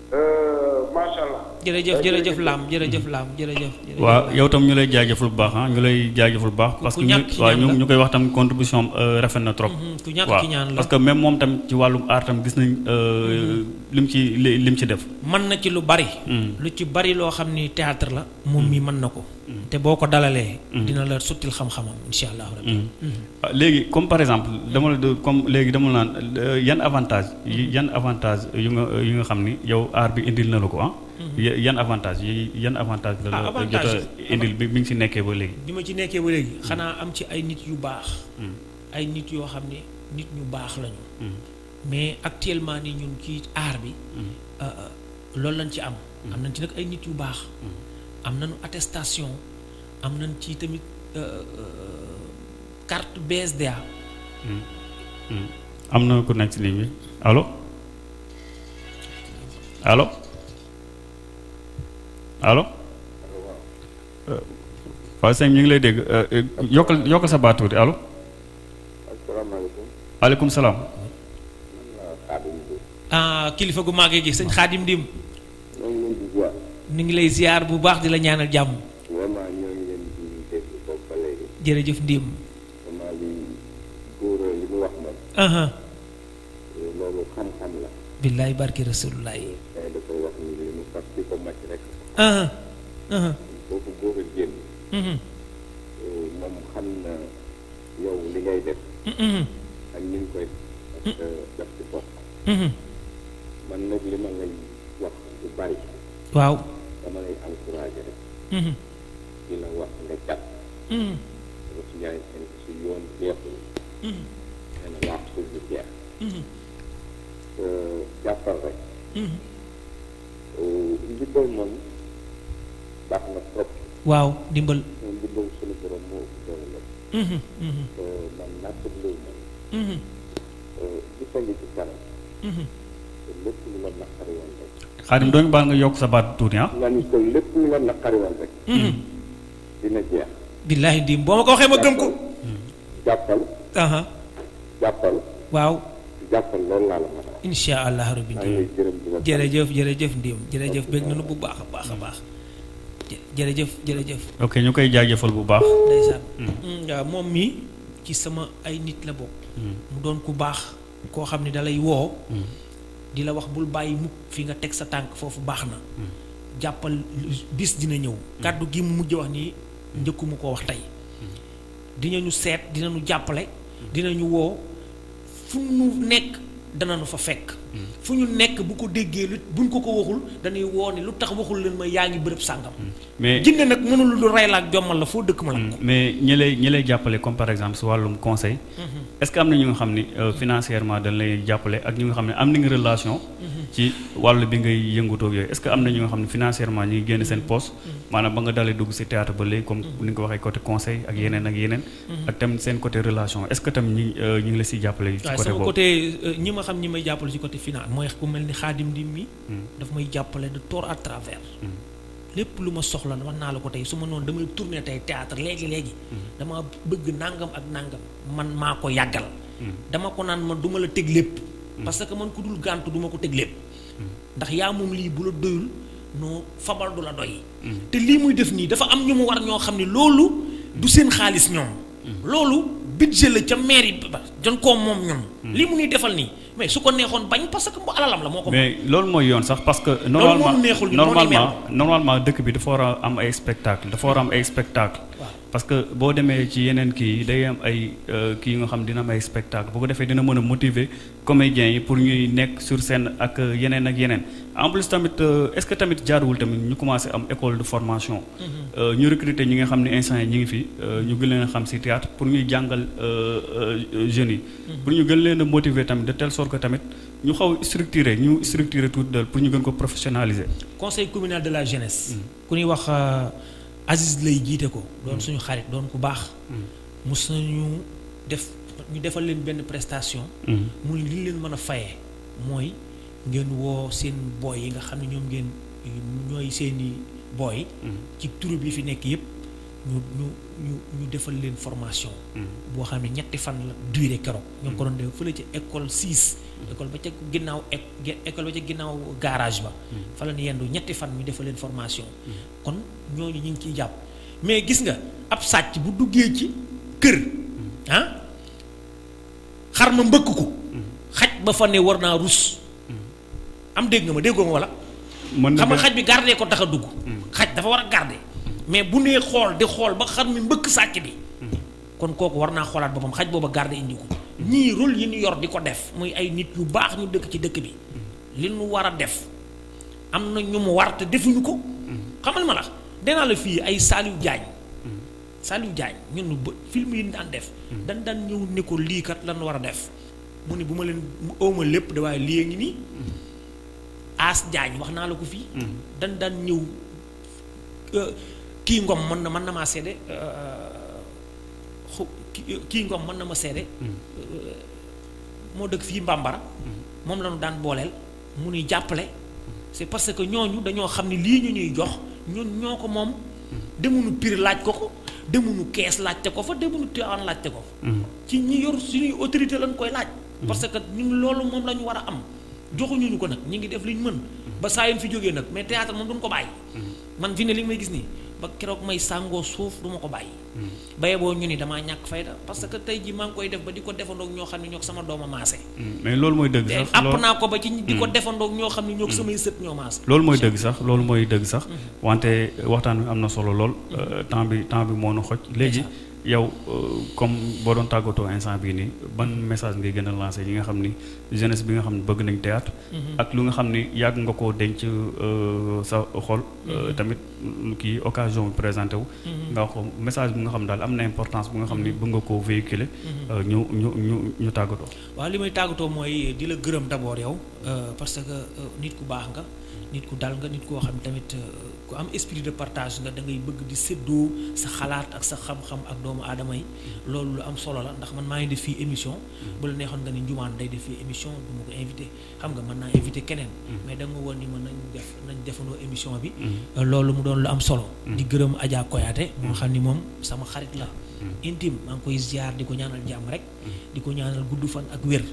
Euh, macha jërëjëf jërëjëf Lam jërëjëf laam jërëjëf. waa yow tam ñu lay jaajëful baax ah ñu lay jaajëful baax. parce que ñu waaw ñu ñu koy wax tam contribution euh, rafet na trop. Mm-hmm, ku ñàkk ñaan la parce que même moom tam ci wàllum aar tam gis nañ euh, mm-hmm. lim ci lim ci def. mën na ci lu bari. Mm. lu ci bari loo xam ni théâtre la. moom mi mën na ko. te boo ko dalalee. Mm. dina la suttil xam-xamam incha allahu rabbi. Mm. Mm. Ah, léegi comme par exemple dama la comme léegi dama naan euh, yan avantage yan avantage yu nga yu xam ni yow aar bi indil na la ko ah. Mm-hmm. yan avantage yan avantage la ah, la jot a indil bi mi ngi nekkee ba léegi. bi ma ci nekkee ba léegi. xanaa am ci ay nit yu baax. ay nit yoo xam ne nit ñu baax lañu. mais actuellement ni ñun ci aar bi. Euh, euh, loolu lañ ci am. am nañ ci ay nit yu baax. am nañu attestation am nañ ci tamit kart euh, euh, carte BSDA. Hmm. Hmm. am na ku nekk ci ligne bi allo alo allo. waaw euh, sëñ ñu ngi lay dégg yokkal yokkal sa baat tuuti allo. asalaamaaleykum. salaam. Ah, kilifa gu màggee gi sëñ Xaadim ñu ngi lay ziar bu baax di la ñaanal jàmm jërëjëf ndim aha lolu xam xam billahi barki rasulullah aha aha man nattable wu nga yokk sa baat tuuti ah. billaahi dim boo ma ko waxee gëm ko. waaw. jàppal loolu laa la mën a wax. incha allah rabbi ndim jërëjëf jërëjëf bu baax a baax a baax. jërëjëf jërëjëf. ok ñu koy jaajëfal bu baax. ndeysaan. Hmm. Mm, waaw moom mi ci sama ay nit la bokk. Hmm. mu doon ku baax koo xam ne dalay woo. Hmm. di la wax bul bàyyi mukk fi nga teg sa tànk foofu baax na. jàppal bis dina ñëw. kàddu gi mu mujj wax nii njëkkuma ko wax tey. dinañu seet dinañu jàppale. dinañu woo fu nu nekk danañu fa fekk. fu ñu nekk bu ko déggee lu buñ ko ko waxul dañuy woo ne lu tax waxul leen ma yaa ngi bërëb sàngam. Mm. mais jinne nag mënul lu rey la jommal la foo dëkk ma la mm. mais ñi lay ñi jàppale comme par exemple su wàllum conseil. Mm-hmm. est-ce que am na ñu nga xam ni euh, financièrement dañ lay jàppale ak ñu nga xam ne am nañu relation. Mm-hmm. ci wàll bi ngay yëngatoog yooyu est-ce que am na ñu nga xam ne financièrement ñu ngi génn seen mm-hmm. poste. maanaam ba nga dalee dugg ci théâtre ba léegi comme ni nga ko waxee côté conseil ak yeneen ak yeneen. ak tamit seen côté relation est-ce que tam ñi euh, ñu ngi la ci jàppale. ci côté boobu côté euh, ñi ma xam ñi may jàppale ci côté partie finale mooy ku mel ni xaadim di mi hmm. daf may jàppale de tort à travers hmm. lépp lu ma soxla wax naa la ko tey su ma noonu damay tourner tey théâtre léegi-léegi hmm. dama bëgg nangam ak nangam man maa ko yàggal dama ko naan man duma la teg lépp parce que man ku dul gàntu duma ko teg lépp ndax yaa moom lii bu la doyul noo fabal du la doy te lii muy def nii dafa am ñu mu war ñoo xam ne loolu du seen xaalis ñoom loolu budget la ca mairie ba jon koo moom ñoom lii mais su ko neexoon bañ parce que mu alalam la moo ko. mais loolu mooy yoon sax parce que. normalement normalement dëkk bi dafa war a am ay spectacle dafa war a am ay spectacle parce que boo demee ci yeneen kii day am ay euh, kii nga xam dina am ay spectacle bu ko defee dina mën a motiver comédien yi pour ñuy nekk sur scène ak euh, yeneen ak yeneen en plus tamit euh, est-ce que tamit jaaruwul tamit ñu commencé am école de formation. Mm-hmm. ñu recruter ñi nga xam ne instant yi ñu ngi fi ñu gën leen a xam ci théâtre pour ñuy jàngal jeunes yi. Mm-hmm. pour ñu gën leen a motiver tamit de telle sorte que tamit ñu xaw structurer ñu structurer tout dal pour ñu gën ko professionnaliser. conseil communal de la jeunesse. Mm-hmm. ku ñuy wax. Aziz lay jiite ko. doon mm. suñu xarit doon ku baax. Mm. mos nañu def ñu defal leen benn prestation. Mm. mu ne li leen mën a fayee mooy ngeen woo seen booy yi nga xam ne ñoom ngeen ñooy seeni booy. ci turu bi fi nekk yëpp ñu ñu ñu ñu defal leen formation. boo xam ne ñetti fan la durée keroog. ñoo ko doon def fële ci école 6. école ba ca ginnaaw école ba ca ginnaaw garage ba. Hmm. fa la ñu yendu ñetti fan ñu defal leen formation. Hmm. kon ñooñu ñu ngi ciy jàpp mais gis nga ab sàcc bu duggee ci kër. Hmm. Ah, xar ma mbëkk ko. xaj ba fa ne war naa rus. am dégg nga ma déggoo ma wala. mën na xam nga xaj bi gardé ko tax dugg. xaj dafa war a gardé. mais bu nee xool di xool ba xar mi mbëkk sàcc bi. kon kooku war naa xoolaat boppam xaj boobu garde indi ko. ñii rôle yi ñu yor di ko def muy ay nit yu baax ñu dëkk ci dëkk bi li ñu war a def am na ñu mu war defuñu ko. xamal ma la dinaa la fii ay Saliou Diagne. Saliou Diagne ñun ba film yi ñu daan def. dañ daan ñëw ne ko lii kat lan war a def mu ne bu ma leen ëwma lépp da lii ngi nii. As Diagne wax naa la ko fii. Mm-hmm. dañ daan ñëw euh, kii Ngom mën na mën na maa seede. Euh, kii Ngom mën na ma seede moo dëkk fii Mbambara moom lañu daan booleel mu nuy jàppale c'est parce que ñooñu dañoo xam ne lii ñu ñuy jox ñun ñoo ko moom demuñu Pire laaj ko ko demuñu kees laajte ko fa demuñu Tivaouane laajte ko fa mm-hmm. ci ñi yor suñuy autorité lañ koy laaj mm-hmm. parce que ñun loolu moom la war a am joxuñu ñu ko nag ñu ngi def li ñu mën ba saa yu fi jógee nag mais théâtre moom duñ ko bàyyi mm-hmm. man fi ne li may gis nii ba keroog may sàngoo suuf du ma ko bàyyi. Hmm. baye boo ñu ni damaa ñàkk fayda parce que tey ji maa ngi koy def ba di ko defandoog ñoo xam ne ñoo sama dooma maase. Hmm. mais loolu mooy dëgg sax te naa ko ba ci ko hmm. defandoog ñoo xam ne ñoo samay sët ñoo loolu mooy dëgg sax loolu mooy dëgg sax. wante waxtaan bi am na solo lool. Euh, temps bi temps bi moo nu xoj léegi. yow euh, comme boo doon tàggatoo instant bii nii ban message ngay gën a lancé ñi nga xam ni jeunesse bi nga xam ne bëgg nañ théâtre mm-hmm. ak lu nga xam ni yàgg nga koo denc euh, sa xol. Euh, mm-hmm. tamit kii occasion bi présenté wu. Mm-hmm. nga wax message bi nga xam daal am na importance bu nga xam ni bëgg nga koo véhiculer. ñu ñu ñu ñu tàggatoo. waaw li may tàggatoo mooy di la gërëm d'abord yow parce que nit ku baax nga. nit ku dal nga nit koo xam tamit euh, am esprit de partage nga da ngay bëgg di séddoo sa xalaat ak sa xam-xam ak doomu aadama yi mm-hmm. loolu lu am solo la ndax man maa ngi def fii émission mm-hmm. bu la neexoon nga ni njumaan day def fii émission bu ma ko invité xam nga man naa invité keneen mm-hmm. mais da nga woon ni ma nañ def nañ defandoo émission bi euh, loolu mu doon lu am solo di gërëm Adja Koyaate moo xam ni moom sama xarit la intime maa ngi koy ziar di ko ñaanal jàmm rek di ko ñaanal gudd fan ak wér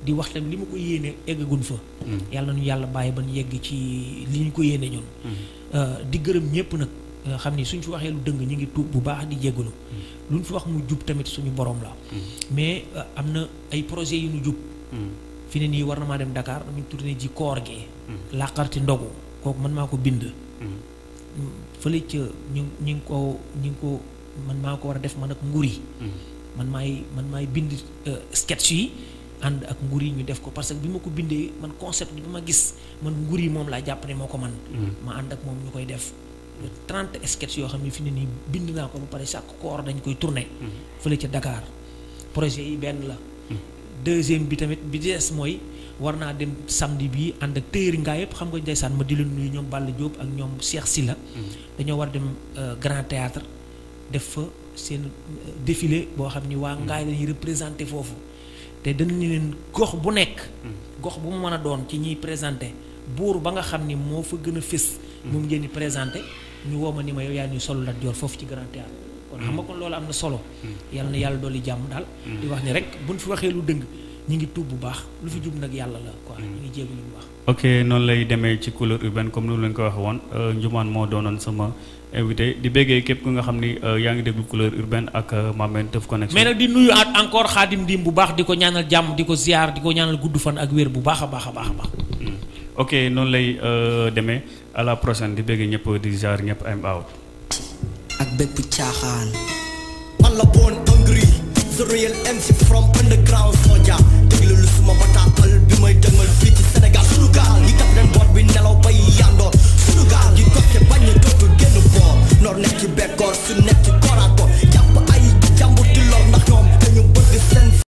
di wax tam li ma ko yéene eggagun fa mm. yàlla nañu yàlla bàyyi ba ñu yegg ci li ñu ko yéene ñun mm. euh, di gërëm ñëpp nag xam ni suñ fi waxee lu dëng ñu ngi tuub bu baax di jéggalu mm. lu ñu fi wax mu jub tamit suñu borom la mais euh, am na ay projets yu ñu jub fi ne nii war na maa dem Dakar mu tourné ji koor gee làqarti ndogu kooku man maa ko bind fële ca ñu ngi ko ñu ko man maa ko war a def man ak nguur yi man maay man maay bind euh, sketch yi ànd ak nguur yi ñu def ko parce que bi ma ko bindee man concept bi ma gis man nguur yi moom laa jàpp ne moo ko man mm. ma ànd ak moom ñu koy def trente sketch yoo xam ne fi ne nii bind naa ko ba pare chaque corps dañ koy tourné mm. fële ca dakaar projet yi benn la mm. deuxième bi tamit bi des mooy war naa dem samedi bi ànd ak téeri ngaa yëpp xam nga ndeysaan ma di leen nuyu ñoom Balla Diop ak ñoom seex si la dañoo war dem euh, Grand Théâtre def fa seen euh, défilé boo xam ni waa ngaay lañuy représenté foofu te danañu leen gox bu nekk. Hmm. gox bu mu mën a doon ci ñiy présenté buur ba nga xam ni moo fa gën a fés. Hmm. moom ngeen di présenté ñu woo ma ni ma yow yaa ñuy solo Lat Joor foofu ci Grand Théâtre kon xam nga kon loolu am na solo. Hmm. yàlla na yàlla dolli jàmm daal. di wax ni rek buñ fi waxee lu dëng ñu ngi tuub bu baax lu fi jub nag yàlla la quoi ñu ngi jéegu lu mu ok noonu lay demee ci couleur urbaine comme ni mu leen ko waxee woon euh, Ndioumane moo doonoon sama. invité di béggé képp ku nga xamni ni euh, yaa ngi déglu couleur urbaine ak euh, mamen teuf connection mais nak di nuyu at encore khadim dim bu baax di ñaanal jam diko ziar diko ñaanal guddu fan ak wër bu baaxa baaxa baaxa baax hmm. ok non lay euh, démé à la prochaine di béggé ñepp di ziar ñepp I'm out ak bép caaxaan man la bon hungry the real MC from underground soja déglu lu suma al bi may dëngal fi ci Sénégal sunu gaal yi taf leen boot bi nelaw bay yando sunu gaal yi tokke bañ nor nekk ci bekkoor su nekk ci koraako jàpp ay jàmbur ti lor ndax ñoom dañu bëgg seen